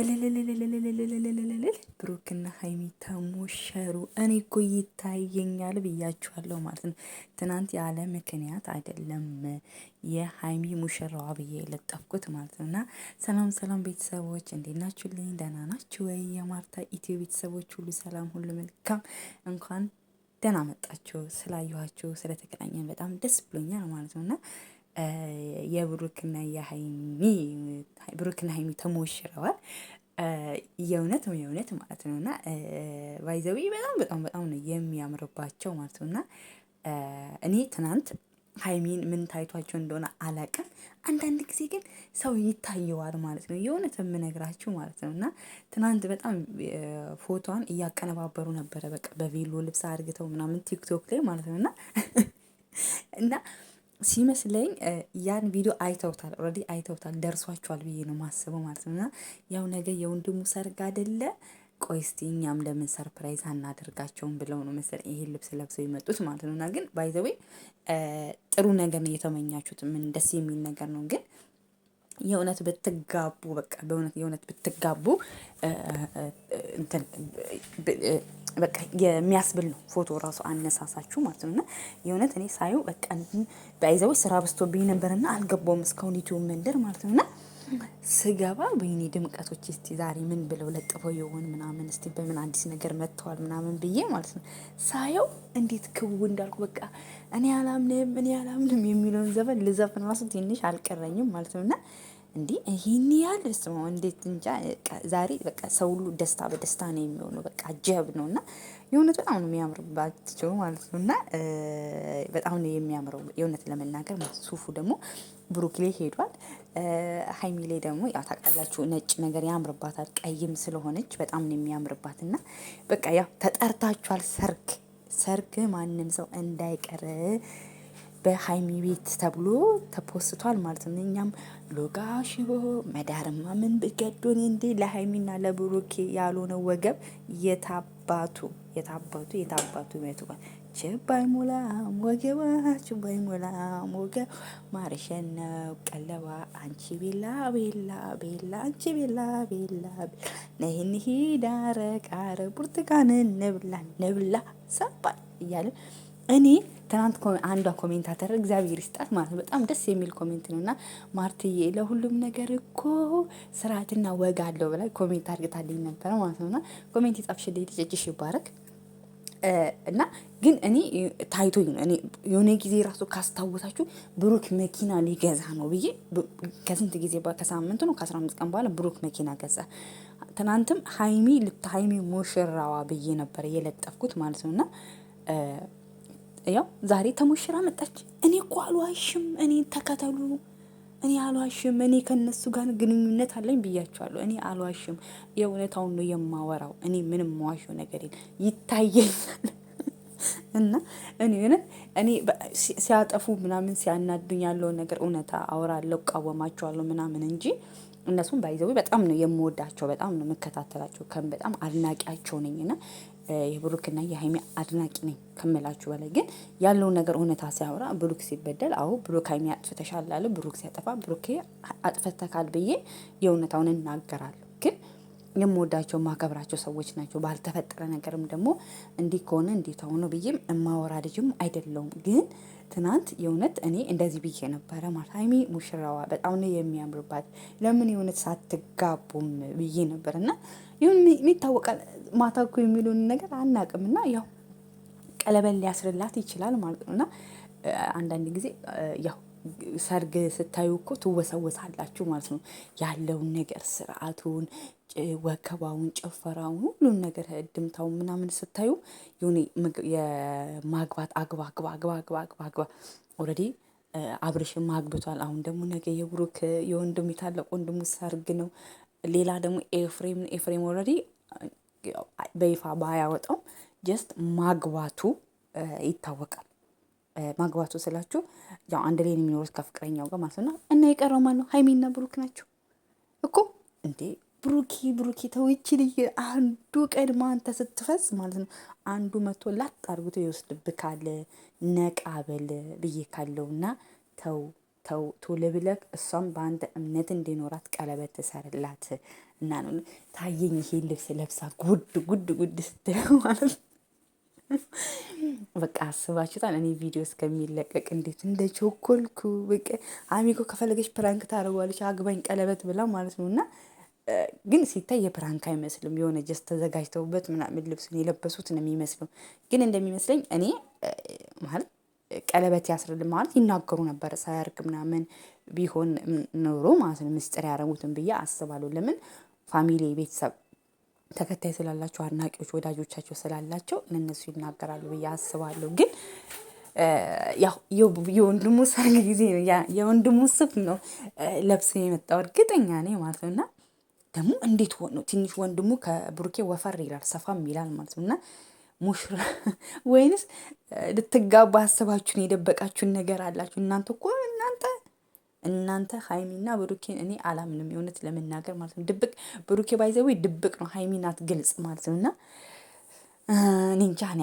እልልልልልልልልልልልል ብሩክና ሀይሚ ተሞሸሩ። እኔ እኮ ይታየኛል ብያችኋለሁ ማለት ነው። ትናንት ያለ ምክንያት አይደለም የሀይሚ ሙሽራዋ ብዬ የለጠፍኩት ማለት ነው። እና ሰላም ሰላም ቤተሰቦች እንዴት ናችሁልኝ? ደህና ናችሁ ወይ? የማርታ ኢትዮ ቤተሰቦች ሁሉ ሰላም፣ ሁሉ መልካም እንኳን ደህና መጣችሁ። ስላየኋችሁ ስለተገናኘን በጣም ደስ ብሎኛል ማለት ነው እና የብሩክና የሀይሚ ብሩክና ሀይሚ ተሞሽረዋል። የእውነት የእውነት ማለት ነው እና ባይዘዊ በጣም በጣም በጣም ነው የሚያምርባቸው ማለት ነው እና እኔ ትናንት ሀይሚን ምን ታይቷቸው እንደሆነ አላቅም አንዳንድ ጊዜ ግን ሰው ይታየዋል ማለት ነው፣ የእውነት የምነግራችሁ ማለት ነው እና ትናንት በጣም ፎቶዋን እያቀነባበሩ ነበረ፣ በቃ በቬሎ ልብስ አድርግተው ምናምን ቲክቶክ ላይ ማለት ነው እና እና ሲመስለኝ ያን ቪዲዮ አይተውታል፣ ኦልሬዲ አይተውታል፣ ደርሷቸዋል ብዬ ነው ማስበው ማለት ነው። እና ያው ነገ የወንድሙ ሰርግ አይደለ? ቆይ እስቲ እኛም ለምን ሰርፕራይዝ አናደርጋቸውም ብለው ነው መሰለኝ ይሄን ልብስ ለብሰው የመጡት ማለት ነው። እና ግን ባይዘዌ ጥሩ ነገር ነው የተመኛችሁት፣ ምን ደስ የሚል ነገር ነው ግን የእውነት ብትጋቡ በቃ በእውነት የእውነት ብትጋቡ በቃ የሚያስብል ነው ፎቶ ራሱ አነሳሳችሁ ማለት ነው። እና የእውነት እኔ ሳየው በቃ በአይዛዊ ስራ በዝቶብኝ ነበርና አልገባውም እስካሁን ዩቲዩብ መንደር ማለት ነው እና ስገባ ወይኔ ድምቀቶች እስቲ ዛሬ ምን ብለው ለጥፈው የሆን ምናምን እስቲ በምን አዲስ ነገር መጥተዋል ምናምን ብዬ ማለት ነው ሳየው እንዴት ክቡ እንዳልኩ በቃ እኔ አላምንም እኔ አላምንም የሚለውን ዘፈን ልዘፍን ራሱ ትንሽ አልቀረኝም ማለት ነው እና እንዴ ይህን ያህል ስሞ እንዴት እንጃ። ዛሬ በቃ ሰው ሁሉ ደስታ በደስታ ነው የሚሆነው። በቃ ጀብ ነው እና የእውነት በጣም ነው የሚያምርባቸው ማለት ነው። እና በጣም ነው የሚያምረው የእውነት ለመናገር ሱፉ ደግሞ ብሩክ ላይ ሄዷል። ሀይሚ ላይ ደግሞ ያው ታውቃላችሁ ነጭ ነገር ያምርባታል። ቀይም ስለሆነች በጣም ነው የሚያምርባት። እና በቃ ያው ተጠርታችኋል። ሰርግ ሰርግ ማንም ሰው እንዳይቀር በሀይሚ ቤት ተብሎ ተፖስቷል ማለት ነው እኛም ሎጋ ሽቦ መዳርማ ምን ብገዶን እንዴ ለሀይሚና ለብሩኬ ያልሆነ ወገብ የታባቱ የታባቱ የታባቱ ይመትቋል ችባይ ሙላም ወገባ ችባይ ሙላም ወገብ ማርሸነው ቀለባ አንቺ ቤላ ቤላ ቤላ አንቺ ቤላ ቤላ ሂዳረ ዳረቃረ ቡርቱካን ንብላ ንብላ ሰባል እያለን እኔ ትናንት አንዷ ኮሜንታተር እግዚአብሔር ይስጣት ማለት ነው፣ በጣም ደስ የሚል ኮሜንት ነው እና ማርትዬ ለሁሉም ነገር እኮ ስርዓትና ወግ አለው ብላ ኮሜንት አድርግታልኝ ነበረ ማለት ነው እና ኮሜንት የጻፍሽልኝ ልጅ ይባረክ። እና ግን እኔ ታይቶኝ እኔ የሆነ ጊዜ ራሱ ካስታወሳችሁ ብሩክ መኪና ሊገዛ ነው ብዬ ከስንት ጊዜ ከሳምንት ነው ከአስራ አምስት ቀን በኋላ ብሩክ መኪና ገዛ። ትናንትም ሀይሚ ልታ ሀይሚ ሙሽራዋ ብዬ ነበር የለጠፍኩት ማለት ነው እና ያው ዛሬ ተሞሽራ መጣች። እኔ እኮ አልዋሽም፣ እኔ ተከተሉ፣ እኔ አልዋሽም፣ እኔ ከነሱ ጋር ግንኙነት አለኝ ብያቸዋለሁ። እኔ አልዋሽም፣ የእውነታውን ነው የማወራው። እኔ ምንም መዋሸው ነገር ይታየኛል። እና እኔ እኔ ሲያጠፉ ምናምን ሲያናዱኝ ያለውን ነገር እውነታ አወራለሁ፣ እቃወማቸዋለሁ ምናምን እንጂ እነሱም ባይዘዊ በጣም ነው የምወዳቸው፣ በጣም ነው የምከታተላቸው፣ ከም በጣም አድናቂያቸው ነኝና የብሩክና የሀይሚ አድናቂ ነኝ ከምላችሁ በላይ ግን ያለውን ነገር እውነታ ሲያወራ ብሩክ ሲበደል፣ አዎ ብሩክ ሀይሚ አጥፍተሻል አለ። ብሩክ ሲያጠፋ ብሩክ አጥፍተካል ብዬ የእውነታውን እናገራለሁ። ግን የምወዳቸው ማከብራቸው ሰዎች ናቸው። ባልተፈጠረ ነገርም ደግሞ እንዲህ ከሆነ እንዴት ሆኖ ብዬም እማወራ ልጅም አይደለውም ግን ትናንት የእውነት እኔ እንደዚህ ብዬ ነበረ ማለት ሀይሚ ሙሽራዋ በጣም ነው የሚያምርባት፣ ለምን የእውነት ሳትጋቡም ብዬ ነበር እና ይሁን ይታወቃል። ማታ እኮ የሚሉን ነገር አናቅም እና ያው ቀለበል ሊያስርላት ይችላል ማለት ነው እና አንዳንድ ጊዜ ያው ሰርግ ስታዩ እኮ ትወሰወሳላችሁ ማለት ነው። ያለውን ነገር ስርዓቱን፣ ወከባውን፣ ጭፈራውን፣ ሁሉን ነገር ድምታውን ምናምን ስታዩ ሆኔ የማግባት አግባ አግባ አግባ አግባ አግባ አግባ ኦልሬዲ አብርሽም ማግብቷል። አሁን ደግሞ ነገ የብሩክ የወንድም የታላቅ ወንድሙ ሰርግ ነው። ሌላ ደግሞ ኤፍሬም ኤፍሬም ኦልሬዲ በይፋ ባያወጣው ጀስት ማግባቱ ይታወቃል። ማግባቱ ስላችሁ ያው አንድ ላይ የሚኖሩት ከፍቅረኛው ጋር ማለት ነው። እና የቀረው ማን ነው? ሀይሚና ብሩክ ናቸው እኮ እንዴ! ብሩኪ ብሩኪ ተውቺ ልይ አንዱ ቀድማ አንተ ስትፈስ ማለት ነው። አንዱ መቶ ላጥ አድርጎት ካለ ነቃበል ብዬ ካለውና ተው ተው ቶሎ ብለህ እሷም በአንተ እምነት እንዲኖራት ቀለበት ትሰርላት እና ነው ታየኝ። ይሄ ልብስ ለብሳ ጉድ ጉድ ጉድ ስትለው ማለት ነው በቃ አስባችሁታል። እኔ ቪዲዮ እስከሚለቀቅ እንዴት እንደ ቾኮልኩ። በቃ አሚኮ ከፈለገች ፕራንክ ታደርጓለች፣ አግባኝ ቀለበት ብላ ማለት ነው። እና ግን ሲታይ የፕራንክ አይመስልም። የሆነ ጀስት ተዘጋጅተውበት ምናምን ልብሱን የለበሱት ነው የሚመስለው። ግን እንደሚመስለኝ እኔ ማለት ቀለበት ያስርል ማለት ይናገሩ ነበረ ሳያርግ ምናምን ቢሆን ኖሮ ማለት ነው ምስጢር ያደረጉትን ብዬ አስባለሁ። ለምን ፋሚሊ ቤተሰብ ተከታይ ስላላቸው አድናቂዎች፣ ወዳጆቻቸው ስላላቸው ለእነሱ ይናገራሉ ብዬ አስባለሁ። ግን የወንድሙ ሰርግ ጊዜ የወንድሙ ስብ ነው ለብሶ የመጣው እርግጠኛ ነኝ ማለት ነው። እና ደግሞ እንዴት ሆነው ትንሽ ወንድሙ ከብሩኬ ወፈር ይላል፣ ሰፋም ይላል ማለት ነው እና ሙሽራ ወይንስ ልትጋቡ አስባችሁን የደበቃችሁን ነገር አላችሁ እናንተ እኮ እናንተ እናንተ ሀይሚና ብሩኬን እኔ አላምንም፣ የእውነት ለመናገር ማለት ነው። ድብቅ ብሩኬ ባይዘዌ ድብቅ ነው፣ ሀይሚናት ግልጽ ማለት ነው። እና እኔ እንጃ እኔ